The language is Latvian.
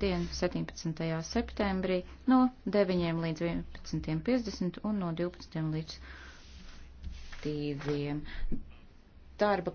dienu 17. septembrī no 9. līdz 11.50 un no 12. līdz 2. Darba